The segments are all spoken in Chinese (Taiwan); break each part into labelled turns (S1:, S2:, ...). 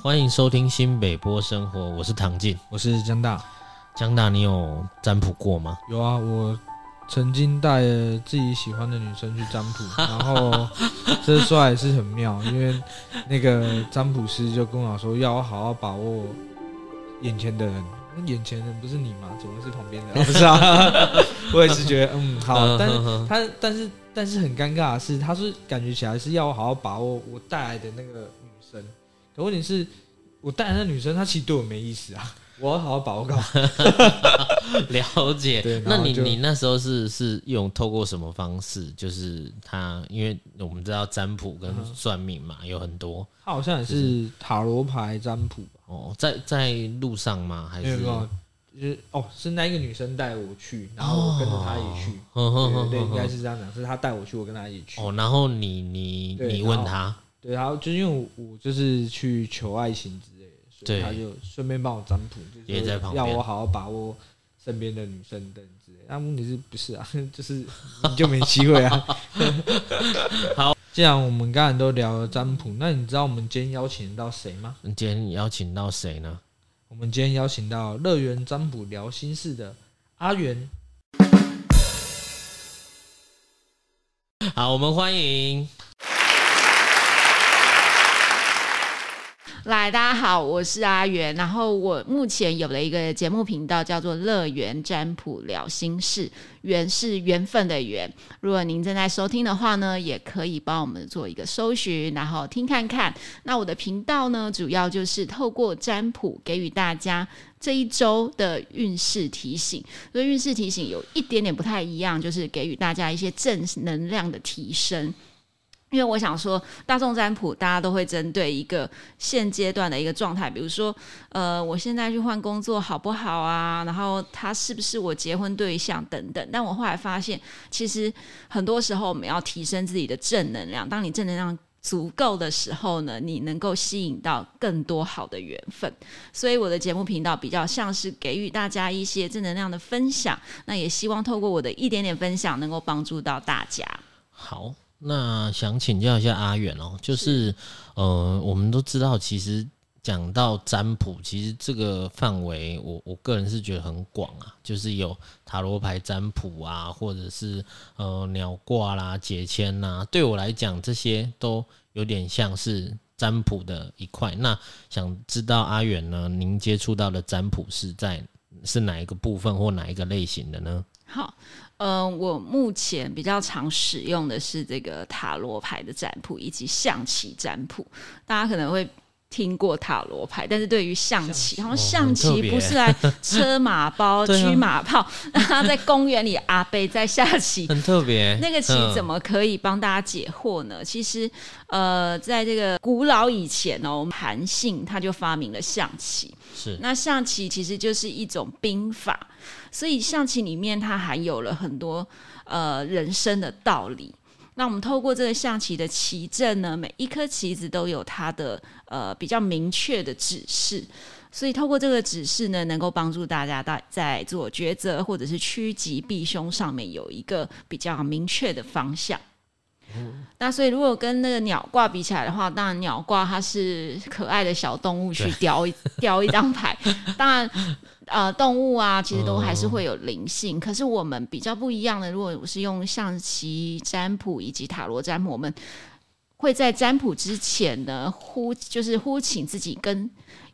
S1: 歡迎收聽新北波生活，我是唐靜，我是江大。江大，你有占卜過嗎？
S2: 有啊，我曾經帶了自己喜歡的女生去占卜， 然後這說來是很妙，因為那個占卜師就跟我說，要我好好把握眼前的人。那眼前人不是你嗎？怎麼是旁邊的、啊？我不知道、啊。 我也是覺得，嗯，好。但、嗯嗯嗯嗯、他，但是，但是很尷尬的是，他是感覺起來是要我好好把握我帶來的那個。如果你，是我帶那女生，她其實對我沒意思啊。我要好好把握。 了解。那你你
S1: 那時候是是用透過什麼方式？就是她，因為我們知道占卜跟算命嘛，嗯、哼有很多。她好像也是塔羅牌占卜、就是、哦，在在路上嘛，還是
S2: 有有就是哦，是那一個女生帶我去，然後我跟着她一起去。哦、對,對對，嗯哼嗯哼應該是這樣講，是她帶我去，我跟她一起
S1: 去。哦，然後你你後你問她。
S2: 對，然後就是、因為我，我就是去求愛情之類的，所以他就順便幫我占卜，也在旁邊讓我好好把握身邊的女生等之類。但問題是不是啊？就是你就沒機會啊。 好，既然我們剛才都聊了占卜，那你知道我們今天邀請到誰嗎？你今天邀請到誰呢？我們今天邀請到樂緣占卜療心室的阿緣。好，我們歡迎。
S3: 來，大家好，我是阿緣。然後我目前有了一個節目頻道，叫做《樂緣占卜療心室》，緣是緣分的緣。如果您正在收聽的話呢，也可以幫我們做一個搜尋，然後聽看看。那我的頻道呢，主要就是透過占卜給予大家這一周的運勢提醒。所以運勢提醒有一點點不太一樣，就是給予大家一些正能量的提升。因為我想說，大眾占卜大家都會針對一個現階段的一個狀態，比如說，呃，我現在去換工作好不好啊？然後他是不是我結婚對象等等。但我後來發現，其實很多時候我們要提升自己的正能量。當你正能量足夠的時候呢，你能夠吸引到更多好的緣分。所以我的節目頻道比較像是給予大家一些正能量的分享，那也希望透過我的一點點分享，能夠幫助到大家。
S1: 好。那想請教一下阿緣哦、喔，就是，呃，我們都知道，其實講到占卜，其實這個範圍我我個人是覺得很廣啊，就是有塔羅牌占卜啊，或者是呃鳥卦啦、啊、解籤吶，對我來講，這些都有點像是占卜的一塊。那想知道阿緣呢，您接觸到的占卜是在是哪一個部分或哪一個類型的呢？
S3: 好，嗯、呃，我目前比較常使用的是這個塔羅牌的占卜以及象棋占卜。大家可能會聽過塔羅牌，但是對於象棋，然後象棋不是來車馬包、驅 馬炮，那他、啊、在公園裡阿伯在下棋，
S1: 很特別別。那個棋怎麼
S3: 可以幫大家解惑呢？嗯、其實，呃，在這個古老以前哦，韓信他就發明了象棋。是，那象棋其實就是一種兵法。所以象棋裡面它還有了很多呃人生的道理。那我們透過這個象棋的棋陣呢，每一顆棋子都有它的呃比較明確的指示。所以透過這個指示呢，能夠幫助大家在在做抉擇或者是趨吉避凶上面有一個比較明確的方向。嗯、那所以如果跟那個鳥卦比起來的話，當然鳥卦它是可愛的小動物去叼一、對叼一張牌， 當然。呃，動物啊，其實都還是會有靈性。嗯、可是我們比較不一樣的，如果我是用象棋占卜以及塔羅占卜，我們會在占卜之前呢，呼就是呼請自己跟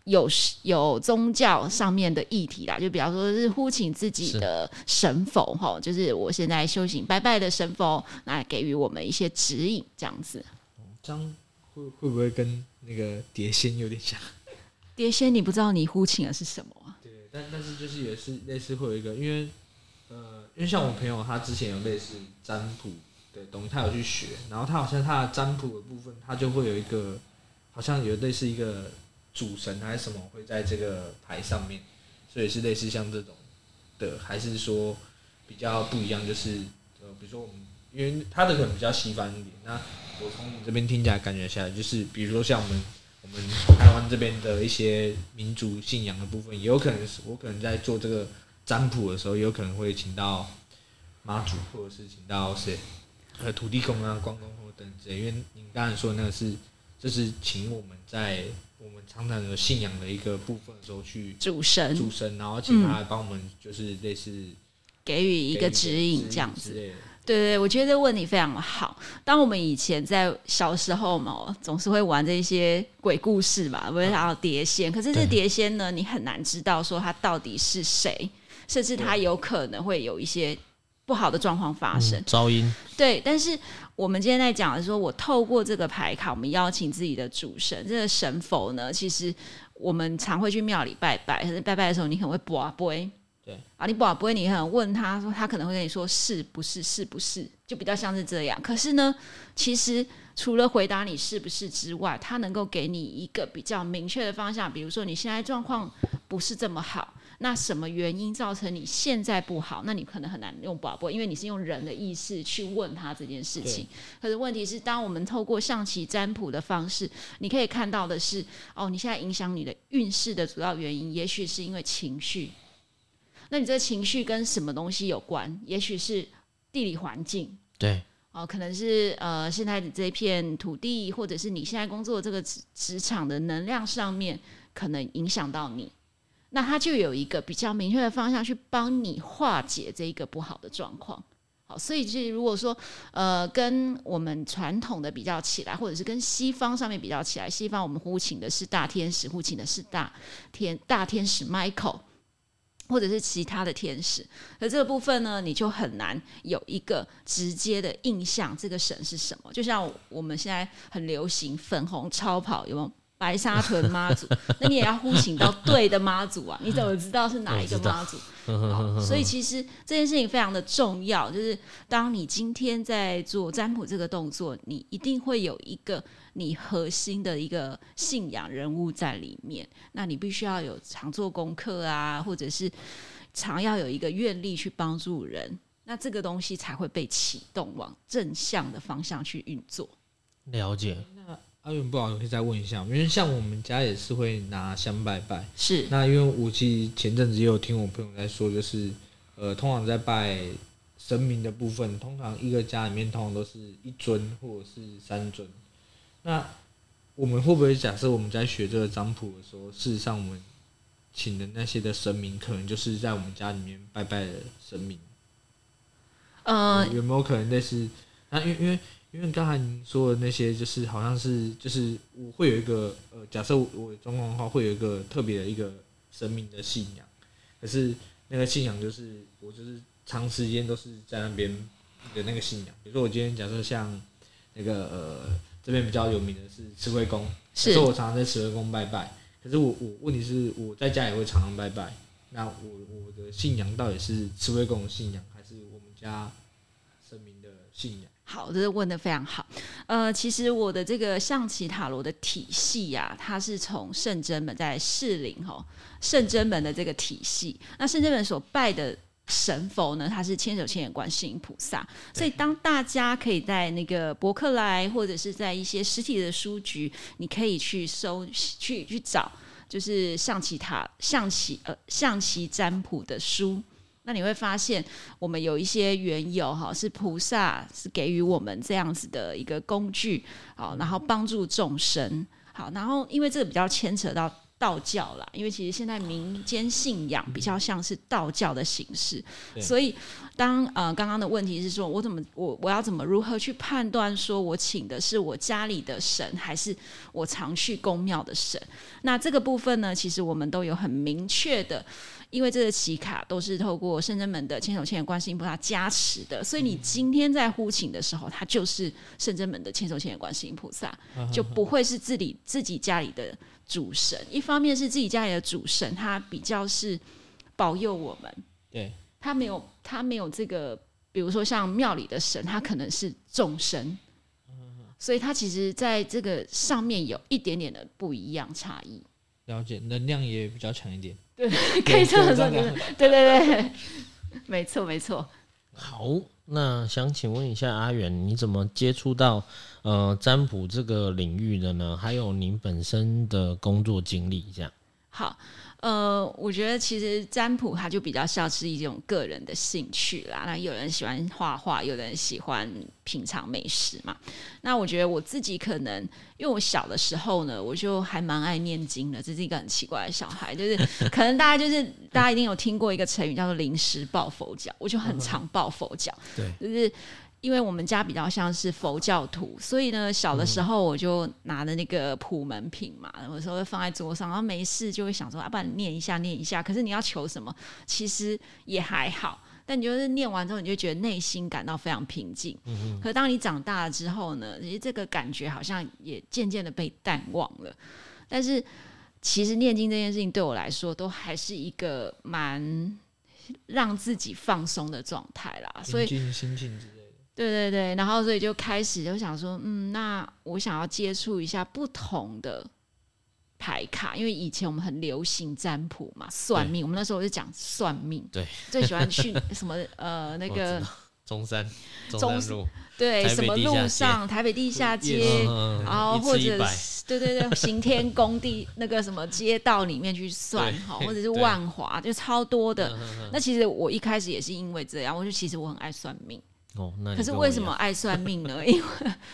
S3: 有有宗教上面的議題啦，就比方說是呼請自己的神佛哈是，就是我現在修行拜拜的神佛，來給予我們一些指引，這樣子。張，
S1: 會
S2: 會不會跟那個碟仙有點像？
S3: 碟仙，你不知道你呼請的是什麼？
S2: 但但是就是也是類似會有一個，因為呃，因為像我朋友他之前有類似占卜的東西，他有去學，然後他好像他的占卜的部分，他就會有一個，好像有類似一個主神還是什麼會在這個牌上面，所以是類似像這種的，還是說比較不一樣？就是呃，比如說我們，因為他的可能比較西方一點，那我從你這邊聽起來感覺下來，就是比如說像我們。我們台灣這邊的一些民族信仰的部分，也有可能是，我可能在做這個占卜的時候，也有可能會請到媽祖，或者是請到誰，呃，土地公啊、關公或者等等。因為您剛才說那個是，這是請我們在我們常常的信仰的一個部分的時候去主神，主神，然後請他來幫我們，就是類似、嗯、
S3: 給予一個指引這樣子。對，對對，我覺得這個問題非常好。當我們以前在小時候嘛，總是會玩這些鬼故事嘛，不、啊、想要碟仙。可是這碟仙呢，對你很難知道說他到底是誰，甚至他有可能會有一些不好的狀況發生，嗯、噪音。對，但是我們今天在講的說，我透過這個牌卡，我們邀請自己的主神，這個神佛呢，其實我們常會去廟裡拜拜。可是拜拜的時候你，你可能會卜啊卜。對啊，你寶不會，你很問他說，他可能會跟你說是不是，是不是，就比較像是這樣。可是呢，其實除了回答你是不是之外，他能夠給你一個比較明確的方向。比如說，你現在狀況不是這麼好，那什麼原因造成你現在不好？那你可能很難用寶波，因為你是用人的意識去問他這件事情。對可是問題是，當我們透過象棋占卜的方式，你可以看到的是，哦，你現在影響你的運勢的主要原因，也許是因為情緒。那你這個情緒跟什麼東西有關？也許是地理環境，對，哦，可能是呃，現在的這片土地，或者是你現在工作的這個職職場的能量上面，可能影響到你。那他就有一個比較明確的方向去幫你化解這一個不好的狀況。好，所以其實如果說呃，跟我們傳統的比較起來，或者是跟西方上面比較起來，西方我們呼請的是大天使，呼請的是大天大天使 Michael。或者是其他的天使，而這個部分呢，你就很難有一個直接的印象，這個神是什麼？就像我們現在很流行粉紅超跑，有沒有？白沙屯媽祖， 那你也要呼請到對的媽祖啊！你怎麼知道是哪一個媽祖？
S1: 好，所以其
S3: 實這件事情非常的重要，就是當你今天在做占卜這個動作，你一定會有一個你核心的一個信仰人物在裡面。那你必須要有常做功課啊，或者是常要有一個願力去幫助人，那這個東西才會被啟動，往正向的方向去運作。
S2: 了解。啊，有不好，我可以再問一下，因為像我們家也是會拿香拜拜。是。那因為我其前陣子也有聽我朋友在說，就是呃，通常在拜神明的部分，通常一個家裡面通常都是一尊或者是三尊。那我們會不會假設我們在學這個占卜的時候，事實上我們請的那些的神明，可能就是在我們家裡面拜拜的神明？呃、嗯。有沒有可能類似？那因為因為。因為剛才您說的那些，就是好像是就是我會有一個呃，假設我中國的話會有一個特別的一個神明的信仰，可是那個信仰就是我就是長時間都是在那邊的那個信仰。比如說我今天假設像那個呃這邊比較有名的是慈惠宮。是。說我常常在慈惠宮拜拜，可是我我問題是我在家也會常常拜拜，那我我的信仰到底是慈惠宮的信仰，還是我們家神明？信
S3: 好的，這問得非常好。呃，其實我的這個象棋塔羅的體系呀、啊，它是從聖真門在士林吼聖真門的這個體系，對那聖真門所拜的神佛呢，它是千手千眼觀世音菩薩。對所以，當大家可以在那個博客來，或者是在一些實體的書局，你可以去搜、去去找，就是象棋塔、象棋呃、象棋占卜的書。那你會發現，我們有一些緣由哈，是菩薩是給予我們這樣子的一個工具，好，然後幫助眾生，好，然後因為這個比較牽扯到道教啦，因為其實現在民間信仰比較像是道教的形式，對所以。當呃，剛剛的問題是說，我怎麼我我要怎麼如何去判斷，說我請的是我家裡的神，還是我常去宮廟的神？那這個部分呢，其實我們都有很明確的，因為這個奇卡都是透過聖真門的千手千眼觀世音菩薩加持的，所以你今天在呼請的時候，他就是聖真門的千手千眼觀世音菩薩，就不會是自己自己家裡的主神。一方面是自己家裡的主神，他比較是保佑我們。對。他沒有，他沒有這個，比如說像廟裡的神，他可能是眾神，所以他其實在這個上面有一點點的不一樣差異。
S2: 了解，能量也比較強一點。對，對可以這麼說。對
S3: 對對，對對對，沒錯沒錯。
S1: 好，那想請問一下阿緣，你怎麼接觸到呃占卜這個領域的呢？還有您本身的工作經歷，這樣。
S3: 好。呃，我覺得其實占卜它就比較像是一種個人的興趣啦。那有人喜歡畫畫，有人喜歡品嘗美食嘛。那我覺得我自己可能，因為我小的時候呢，我就還蠻愛念經的，這是一個很奇怪的小孩。就是可能大家就是 大家一定有聽過一個成語叫做“臨時抱佛腳”，我就很常抱佛腳，對，就是。因為我們家比較像是佛教徒，所以呢，小的時候我就拿着那個普門品嘛，有、嗯、哼時候會放在桌上，然後沒事就會想說，要、啊、不然你念一下，念一下。可是你要求什麼，其實也還好。但你就是念完之後，你就覺得內心感到非常平靜。嗯、哼可當你長大了之後呢，其實這個感覺好像也漸漸的被淡忘了。但是其實念經這件事情對我來說，都還是一個蠻讓自己放鬆的狀態啦。清清清清所以，對對對，然後所以就開始就想說，嗯，那我想要接觸一下不同的牌卡，因為以前我們很流行占卜嘛，算命。對我們那時候就講算命，對，最喜歡去什麼呃那個中山，
S1: 中山，對，什麼路上台北地下街，然後或者一一對對對行
S3: 天宮地那個什麼街道裡面去算，哈對，或者是萬華，對就超多的。嗯、那其實我一開始也是因為這樣，我就其實我很愛算命。
S1: 哦啊、可是為什麼
S3: 愛算命呢？ 因為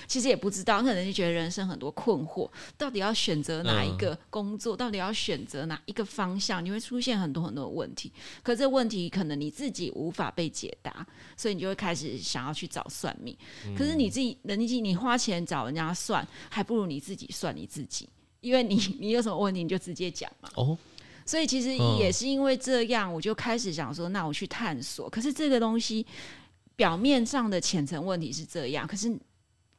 S3: 其實也不知道，可能就覺得人生很多困惑，到底要選擇哪一個工作，嗯、到底要選擇哪一個方向，你會出現很多很多的問題。可這問題可能你自己無法被解答，所以你就會開始想要去找算命。嗯、可是你自己，能，自你花錢找人家算，還不如你自己算你自己，因為你你有什麼問題你就直接講嘛。哦，所以其實也是因為這樣，嗯、我就開始想說，那我去探索。可是這個東西。表面上的淺層問題是這樣，可是，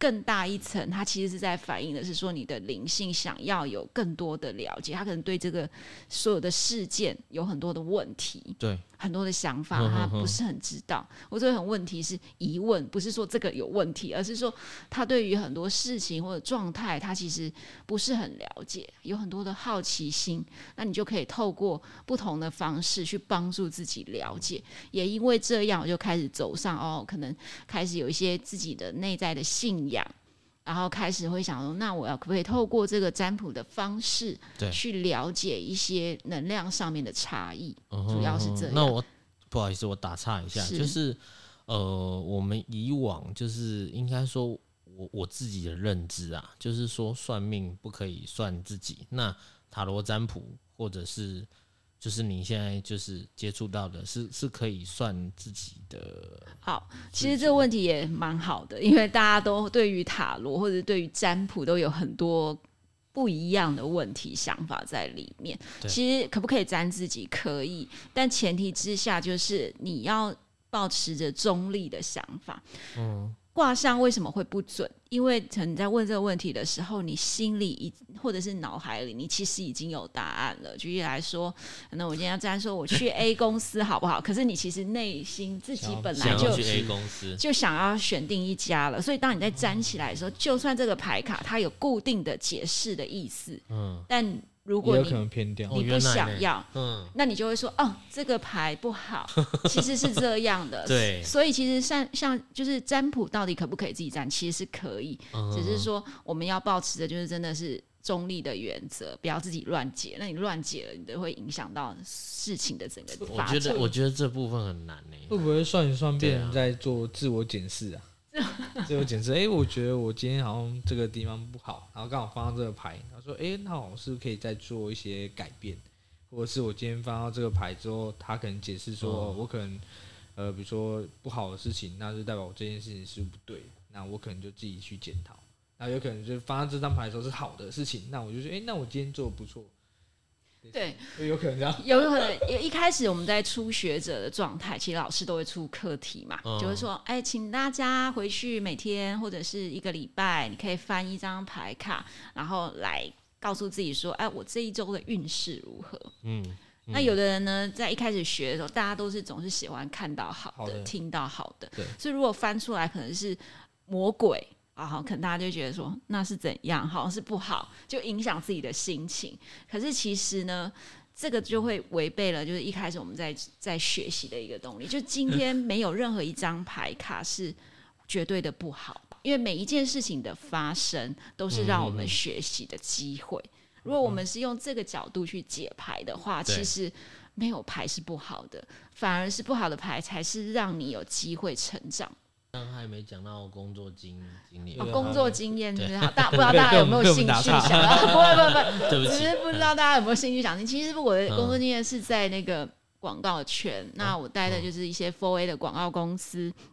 S3: 更大一層，他其實是在反映的是說，你的靈性想要有更多的了解。他可能對這個所有的事件有很多的問題，對很多的想法，他不是很知道。我者很問題是疑問，不是說這個有問題，而是說他對於很多事情或者狀態，他其實不是很了解，有很多的好奇心。那你就可以透過不同的方式去幫助自己了解。也因為這樣，我就開始走上哦，可能開始有一些自己的內在的信念。然後開始會想說，那我要可不可以透過這個占卜的方式，去了解一些能量上面的差異？對主要是這樣。嗯哼，那我
S1: 不好意思，我打岔一下，是。就是，呃，我們以往就是應該說我我自己的認知啊，就是說算命不可以算自己，那塔羅占卜或者是。就是你現在就是接觸到的是，是是可以算自己的自己。
S3: 好，oh, 其實這個問題也蠻好的，因為大家都對於塔羅或者對於占卜都有很多不一樣的問題想法在裡面。對其實可不可以占自己？可以，但前提之下就是你要保持着中立的想法。嗯。卦象為什麼會不準？因為你在問這個問題的時候，你心裡已，或者是腦海裡，你其實已經有答案了。舉例來說，那我今天要占說我去 A 公司好不好？ 可是你其實內心自己本來就是、想要去 A 公司，就想要選定一家了。所以當你在占起來的時候，就算這個牌卡它有固定的解釋的意思，嗯，但。如果你有可能偏
S2: 掉你不想要，哦、嗯，
S3: 那你就會說哦，這個牌不好。其實是這樣的， 對。所以其實像像就是占卜到底可不可以自己占，其實是可以，嗯、哼只是說我們要保持的就是真的是中立的原則，不要自己亂解。那你亂解了，你都會影響到事情的整個。我覺得我覺
S2: 得這部分很難呢、欸，會不會算一算別人在做自我檢視啊？ 所以我檢測，誒、欸，我覺得我今天好像這個地方不好，然後剛好翻到這個牌，他說，誒、欸，那我是不是可以再做一些改變？或者是我今天翻到這個牌之後，他可能解釋說，我可能，呃，比如說不好的事情，那就代表我這件事情是不，是不對，那我可能就自己去檢討。那有可能就翻到這張牌的時候是好的事情，那我就說，誒、欸，那我今天做的不錯。對，
S3: 有可能這樣。有可能，有一開始我們在初學者的狀態，其實老師都會出課題嘛，嗯、就是說，哎，請大家回去每天或者是一個禮拜，你可以翻一張牌卡，然後來告訴自己說，哎，我這一周的運勢如何？嗯，嗯，那有的人呢，在一開始學的時候，大家都是總是喜歡看到好的，好的，聽到好的，對所以如果翻出來可能是魔鬼。好，可能大家就覺得說那是怎樣，好像是不好，就影響自己的心情。可是其實呢，這個就會違背了，就是一開始我們在在學習的一個動力。就今天沒有任何一張牌卡是絕對的不好，因為每一件事情的發生都是讓我們學習的機會。如果我們是用這個角度去解牌的話，其實沒有牌是不好的，反而是不好的牌才是讓你有機會成長。
S1: 剛還沒講到我工作經經歷，哦，工作經驗，就是大對，對不知道大家有沒有興趣想 們？ 不不不，不不只是不知道
S3: 大家有沒有興趣想聽，其實我的工作經驗是在那個廣告圈，嗯、那我待的就是一些 Four A 的廣告公司。嗯嗯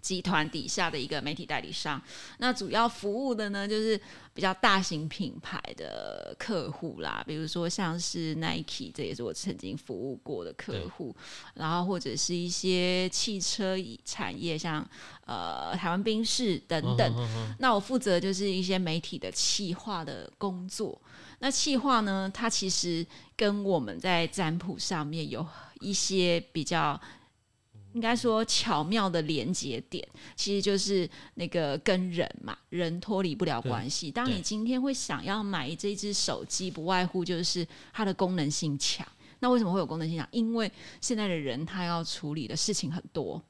S3: 集團底下的一個媒體代理商，那主要服務的呢，就是比較大型品牌的客戶啦，比如說像是 Nike，這也是我曾經服務過的客戶，對然後或者是一些汽車產業，像呃台灣賓士等等。呵呵呵那我負責就是一些媒體的企劃的工作。那企劃呢，它其實跟我們在占卜上面有一些比較。應該說巧妙的連接點，其實就是那個跟人嘛，人脫離不了關係。對當你今天會想要買這隻手機，不外乎就是它的功能性強。那為什麼會有功能性強？因為現在的人他要處理的事情很多，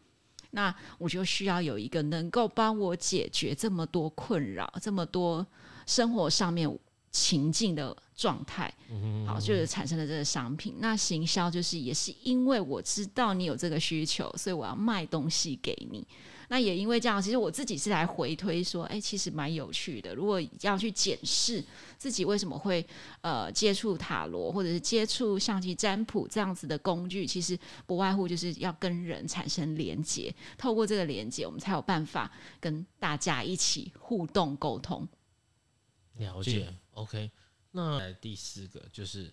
S3: 那我就需要有一個能夠幫我解決這麼多困擾、這麼多生活上面，情境的狀態，
S1: 好，就是
S3: 產生了這個商品。那行銷就是也是因為我知道你有這個需求，所以我要賣東西給你。那也因為這樣，其實我自己是來回推說，哎、欸，其實蠻有趣的。如果要去檢視自己為什麼會呃接觸塔羅，或者是接觸象棋占卜這樣子的工具，其實不外乎就是要跟人產生連接，透過這個連接，我們才有辦法跟大家一起互動溝通。
S1: 了解。OK，那第四個就是，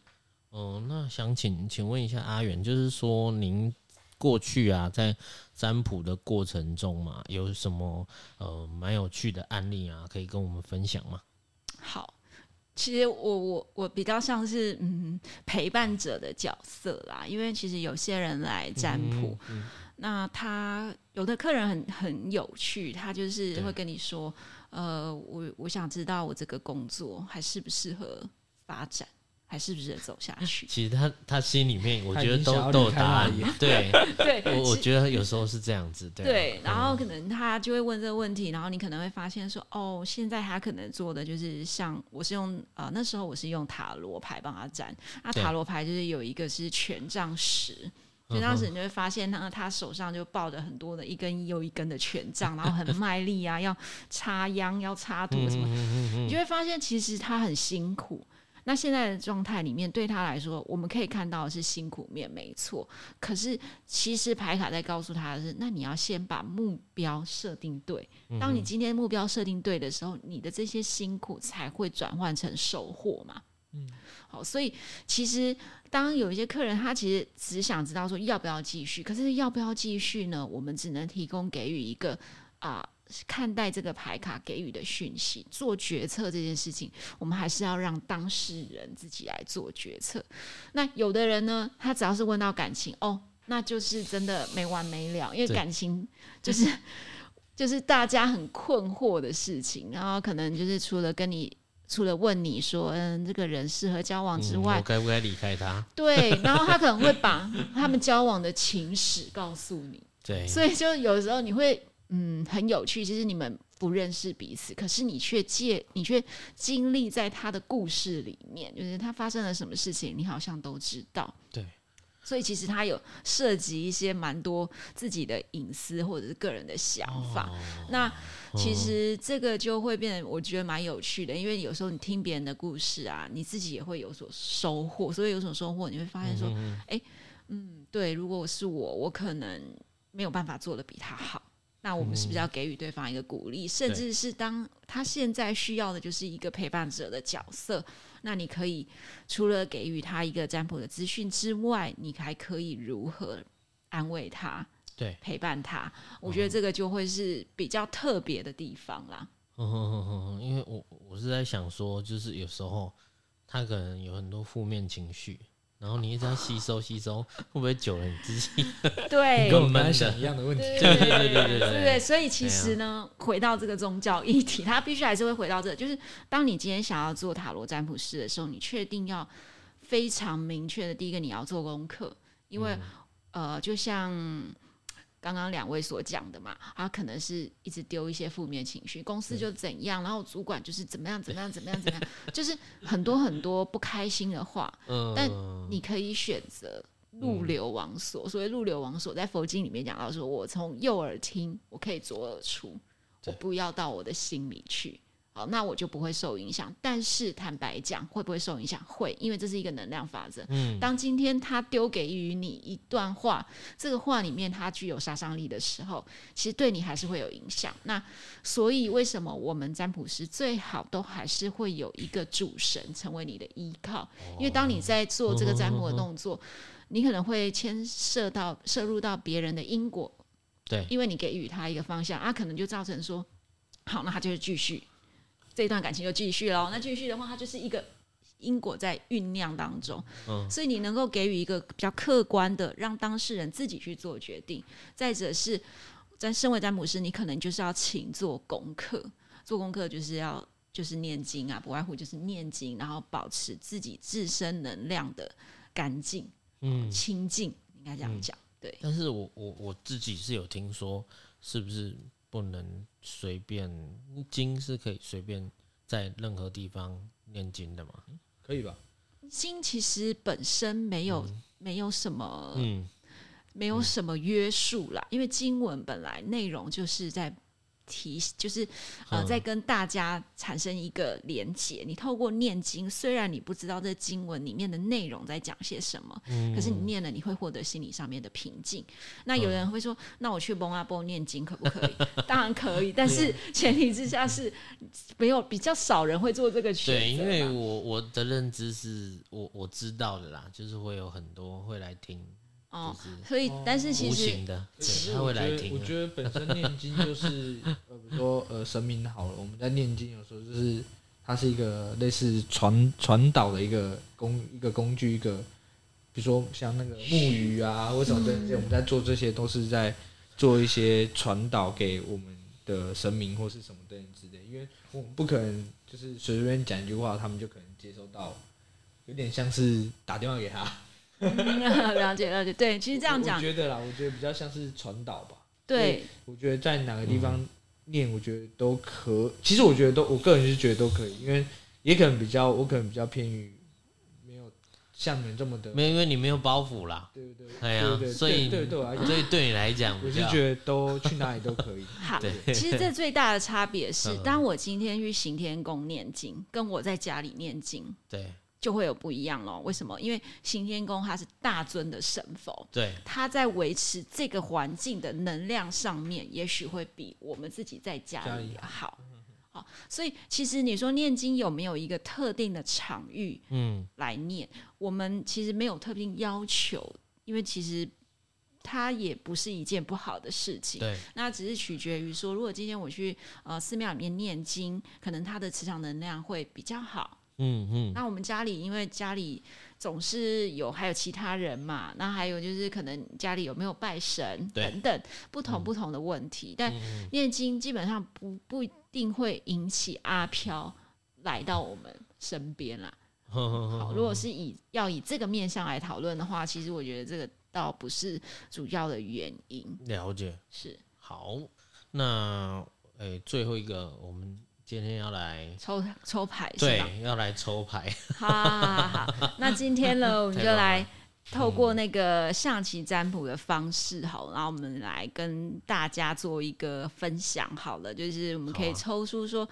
S1: 嗯、呃，那想請，請問一下阿緣，就是說您過去啊，在占卜的過程中嘛，有什麼呃蠻有趣的案例啊，可以跟我們分享嗎？好，
S3: 其實我我我比較像是嗯陪伴者的角色啦，因為其實有些人來占卜，嗯嗯嗯，那他有的客人很很有趣，他就是會跟你說。呃，我我想知道我這個工作還適不適合發展，還適不適合走下
S1: 去。其實他他心裡面我覺得都都有答案。對。 對，我是我覺得他有時候是這樣子，對。對，嗯、
S3: 然後可能他就會問這個問題，然後你可能會發現說，哦，現在他可能做的就是像我是用啊、呃，那時候我是用塔羅牌幫他占，那塔羅牌就是有一個是權杖十。所以當時你就會發現他，那他手上就抱着很多的一根又一根的權杖，然後很賣力啊， 要插秧、要插土什麼，嗯嗯
S1: 嗯嗯，你就會發
S3: 現其實他很辛苦。那現在的狀態裡面，對他來說，我們可以看到的是辛苦面沒錯。可是其實牌卡在告訴他的是，那你要先把目標設定對。當你今天目標設定對的時候，你的這些辛苦才會轉換成收穫嘛。好，所以其實當有一些客人，他其實只想知道說要不要繼續，可是要不要繼續呢？我們只能提供給予一個啊、呃，看待這個牌卡給予的訊息，做決策這件事情，我們還是要讓當事人自己來做決策。那有的人呢，他只要是問到感情哦，那就是真的沒完沒了，因為感情就是對、就是、就是大家很困惑的事情，然後可能就是除了跟你。除了問你說，嗯，這個人適合交往之外，嗯，我該
S1: 不該離開他？對，然後他可能會把
S3: 他們交往的情史告訴你。
S1: 對，所以
S3: 就有時候你會，嗯，很有趣。其實你們不認識彼此，可是你卻借你卻經歷在他的故事裡面，就是他發生了什麼事情，你好像都知道。對。所以其實他有涉及一些蠻多自己的隱私或者是個人的想法，oh, 那其實這個就會變得我覺得蠻有趣的，oh. 因為有時候你聽別人的故事啊，你自己也會有所收穫，所以有所收穫，你會發現說，哎、mm hmm. 欸，嗯，對，如果是我，我可能沒有辦法做得比他好。那我們是不是要給予對方一個鼓勵？嗯、甚至是當他現在需要的，就是一個陪伴者的角色。對那你可以除了給予他一個占卜的資訊之外，你還可以如何安慰他？對，陪伴他。我覺得這個就會是比較特別的地方啦。嗯，嗯，
S1: 嗯，嗯，嗯，因為我我是在想說，就是有時候他可能有很多負面情緒。然後你一直在吸收吸收，啊、會不會久了你自己？對，
S3: 跟我們蠻想一樣的
S2: 問題。對對對對對，對，對，對。所以其實呢，
S3: 啊、回到這個宗教議題，他必須還是會回到這個，就是當你今天想要做塔羅占卜師的時候，你確定要非常明確的，第一個你要做功課，因為、嗯、呃，就像。剛剛兩位所講的嘛，他，可能是一直丟一些負面情緒，公司就怎樣，嗯、然後主管就是怎麼樣，怎麼樣，怎麼樣，怎麼樣， 就是很多很多不開心的話。嗯，但你可以選擇入流亡所，嗯、所謂入流亡所在佛經裡面講到，說我從右耳聽，我可以左耳出，我不要到我的心裡去。好，那我就不會受影響。但是坦白講，會不會受影響？會，因為這是一個能量法則。嗯，當今天他丟給予你一段話，這個話裡面它具有殺傷力的時候，其實對你還是會有影響。那所以為什麼我們占卜師最好都還是會有一個主神成為你的依靠？哦，因為當你在做這個占卜的動作，嗯哼嗯哼。你可能會牽涉到攝入到別人的因果。
S1: 對，因
S3: 為你給予他一個方向啊，可能就造成說，好，那他就是繼續。這段感情就繼續嘍。那繼續的話，它就是一個因果在醞釀當中。嗯，所以你能夠給予一個比較客觀的，讓當事人自己去做決定。再者是，在身為占卜師，你可能就是要請做功課，做功課就是要就是念經啊，不外乎就是念經，然後保持自己自身能量的乾淨、嗯哦、清淨，應該這樣講。
S1: 嗯、對，但是我我我自己是有聽說，是不是？不能隨便，經是可以隨便在任何地方念經的嗎？
S2: 可以吧？
S3: 經其實本身沒有、嗯、沒有什麼，嗯，沒有什麼約束啦，嗯、因為經文本來內容就是在。提就是呃，在跟大家產生一個連接。嗯、你透過念經，雖然你不知道這經文裡面的內容在講些什麼，嗯、可是你唸了，你會獲得心理上面的平靜。嗯、那有人會說，那我去蒙阿波念經可不可以？呵呵當然可以，但是前提之下是沒有比較少人會做這個選擇。對，因
S1: 為我我的認知是我我知道的啦，就是會有很多會來聽。
S3: 哦，所以但是
S1: 其實，他會來聽。我覺得本身念經就是，
S2: 呃，比如說呃，神明好了，我們在念經有時候就是，它是一個類似傳傳導的一個工一個工具，一個比如說像那個木魚啊，為什麼等等之類，我們在做這些都是在做一些傳導給我們的神明或是什麼等等之類，因為我們不可能就是隨便講一句話，他們就可能接收到，有點像是打電話給他。
S3: 了解了解，對，其實這樣講，我覺得
S2: 啦，我覺得比較像是傳導吧。對，我覺得在哪個地方念，我覺得都可。其實我覺得都，我個人是覺得都可以，因為也可能比較，我可能比較偏於沒有像你這麼的，
S1: 沒有因為你沒有包袱啦，對不對？對啊，所以對對，所以對你來講，我就覺得都去哪裡都可以。好，其實
S3: 這最大的差別是，當我今天去行天宮念經，跟我在家裡念經，對。就會有不一樣了。為什麼？因為行天宮它是大尊的神佛，對，他在維持這個環境的能量上面，也許會比我們自己在家裡好。好，所以其實你說念經有沒有一個特定的場域，嗯，來念？嗯，我們其實沒有特定要求，因為其實它也不是一件不好的事情。對，那只是取決於說，如果今天我去呃寺廟裡面念經，可能它的磁場能量會比較好。嗯嗯，嗯，那我們家裡因為家裡總是有還有其他人嘛，那還有就是可能家裡有沒有拜神等等、嗯、不同不同的問題，嗯、但念經基本上不不一定會引起阿飄來到我們身邊啦。呵呵
S1: 呵好，如果
S3: 是以要以這個面向來討論的話，其實我覺得這個倒不是主要
S1: 的原因。了解，是好。那誒、欸，最後一個我們。今天要來抽
S3: 抽牌，對，
S1: 吧要來抽牌。好,好,好,好， 那今天呢，我們就來
S3: 透過那個象棋占卜的方式好，好，嗯、然後我們來跟大家做一個分享。好了，就是我們可以抽出說。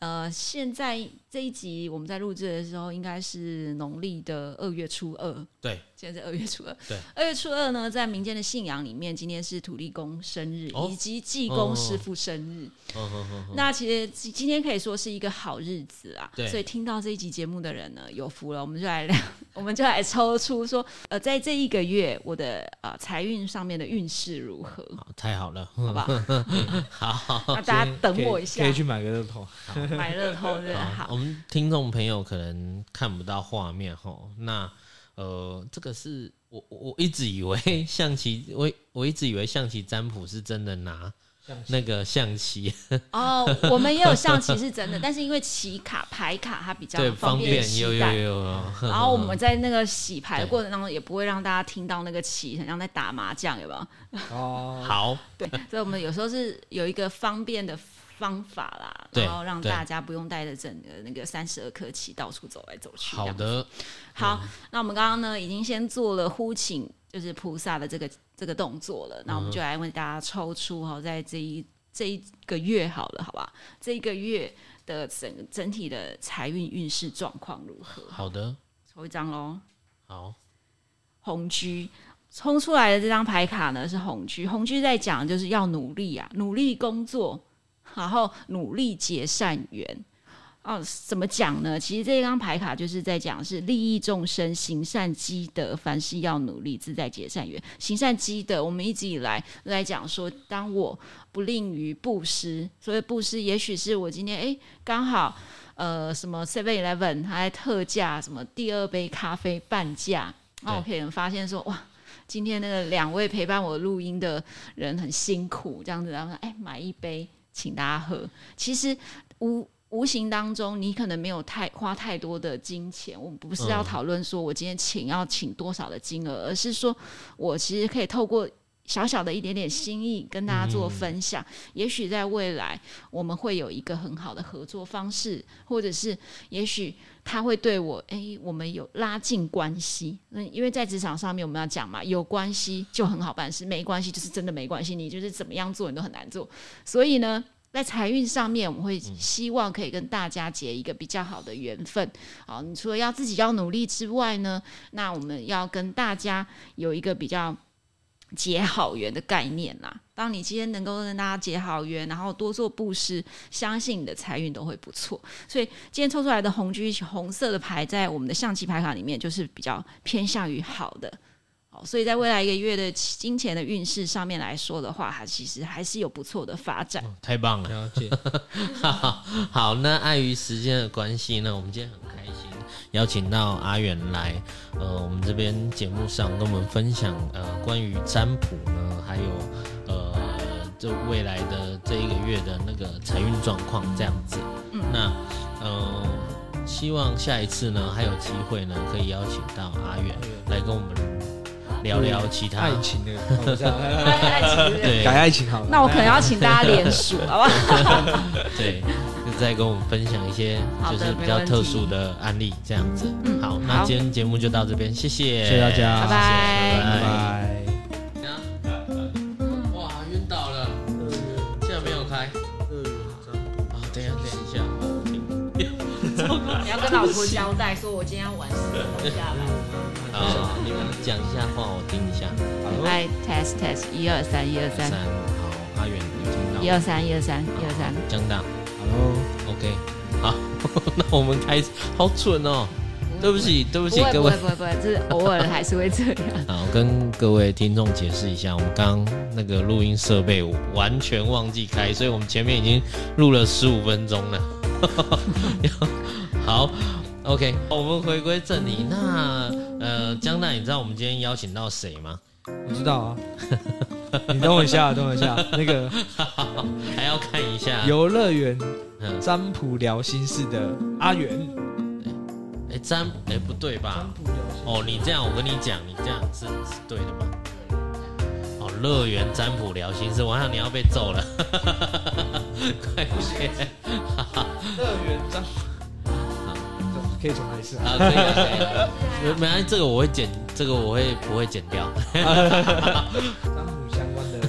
S3: 呃，現在這一集我們在錄製的時候，應該是農曆的二月初二。對，現在是二月初二。對，二月初二呢，在民間的信仰裡面，今天是土地公生日、哦、以及濟公師父生日。
S1: 哦哦、那其
S3: 實今天可以說是一個好日子啊。對所以聽到這一集節目的人呢，有福了。我們就來聊，我們就來抽出說，呃，在這一個月，我的呃財運上面的運勢如何？太好了，好不
S1: 好？ 好好，好， 那大家等我一下可，可以去買個樂透。白樂透對，對。好。好，我們聽眾朋友可能看不到畫面齁，那呃，這個是我我一直以為對象棋，我我一直以為象棋占卜是真的拿那個象棋。象棋哦，我們也有象棋是
S3: 真的， 但是因為棋卡牌卡它比較方便攜帶。有，
S1: 然後我們在
S3: 那個洗牌過程當中對，也不會讓大家聽到那個棋，很像在打麻將，有沒
S1: 有？哦，好。對，
S3: 所以我們有時候是有一個方便的。方法啦，對然後讓大家不用帶着整個那個三十二顆棋到處走來走去。好的，好，嗯，那我們剛剛呢已經先做了呼請，就是菩薩的這個這個動作了，那我們就來問大家，抽出哈，在這一這一，這一個月好了，好吧，這一個月的整整體的財運運勢狀況如何？好，好的，抽一張嘍。好，紅居衝出來的這張牌卡呢是紅居，紅居在講就是要努力啊，努力工作。然後努力結善緣，哦、啊，怎麼講呢？其實這一張牌卡就是在講是利益眾生、行善積德，凡事要努力，自在結善緣、行善積德。我們一直以來都在講說，當我不吝於布施，所謂布施，也許是我今天哎，剛好呃什麼 Seven Eleven 還在特價，什麼第二杯咖啡半價，那、啊、我對可能發現說哇，今天那個兩位陪伴我錄音的人很辛苦，這樣子，然後說哎買一杯。請大家喝。其實無無形當中，你可能沒有太花太多的金錢。我們不是要討論說我今天請要請多少的金額，嗯、而是說我其實可以透過小小的一點點心意跟大家做分享。嗯嗯也許在未來我們會有一個很好的合作方式，或者是也許。他會對我，哎、欸，我們有拉近關係，嗯，因為在職場上面，我們要講嘛，有關係就很好辦事，沒關係就是真的沒關係。你就是怎麼樣做，你都很難做。所以呢，在財運上面，我們會希望可以跟大家結一個比較好的緣分。嗯、好，你除了要自己要努力之外呢，那我們要跟大家有一個比較。結好緣的概念啦，當你今天能夠跟大家結好緣，然後多做布施，相信你的財運都會不錯。所以今天抽出來的紅橘紅色的牌，在我們的象棋牌卡裡面就是比較偏向於好的。好，所以在未來一個月的金錢的運勢上面來說的話，它其實還是有不錯的發展。哦、
S1: 太棒了，了解 好，好，那礙於時間的關係呢，我們今天很開心。邀請到阿遠來，呃，我們這邊節目上跟我們分享呃關於占卜呢，還有呃這未來的這一個月的那個財運狀況這樣子。嗯，嗯，那呃希望下一次呢還有機會呢可以邀請到阿遠來跟我們聊聊其他愛情的，對愛情的，對改愛情好嗎？對好，那我可能要請大家聯署好不好？對。對 再跟我們分享一些就是比較特殊的案例，這樣子。嗯，好，那今天節目就到這邊，謝謝，謝謝大家，拜拜。拜拜。哇，暈倒了，現在沒有開。嗯，啊，等一下，等一下。你要跟老婆
S3: 交代，
S1: 說我今天晚上一下來。好，你們講一下話，我聽一下。來，test test，
S3: 一二三，一二三。三。
S1: 好，阿緣有聽到。一二三，一二三，一二三。大。哦、oh，OK，好， 那我們開始。好蠢哦、喔！對不起，不會對不起，不會各位，不會不會不會，這、
S3: 就是偶爾還是會這樣。
S1: 好，我 跟各位聽眾解釋一下，我們剛剛那個錄音設備完全忘記開，所以我們前面已經錄了十五分鐘了。 好，OK，我們回歸正題。那呃，江奈，你知道我們今天邀請到誰嗎？我知道啊。
S2: 你等我一下，等我一下，那個
S1: 還要看一下遊
S2: 樂園占卜療心室的阿緣，哎占哎不對
S1: 吧？哦，你這樣我跟你講，你這樣是是對的嗎？哦，樂園占卜療心室，我想你要被揍了，快 些！樂園占，
S2: 好好可以重來一次，啊。沒關係，這
S1: 個我會剪，這個我會不會剪掉？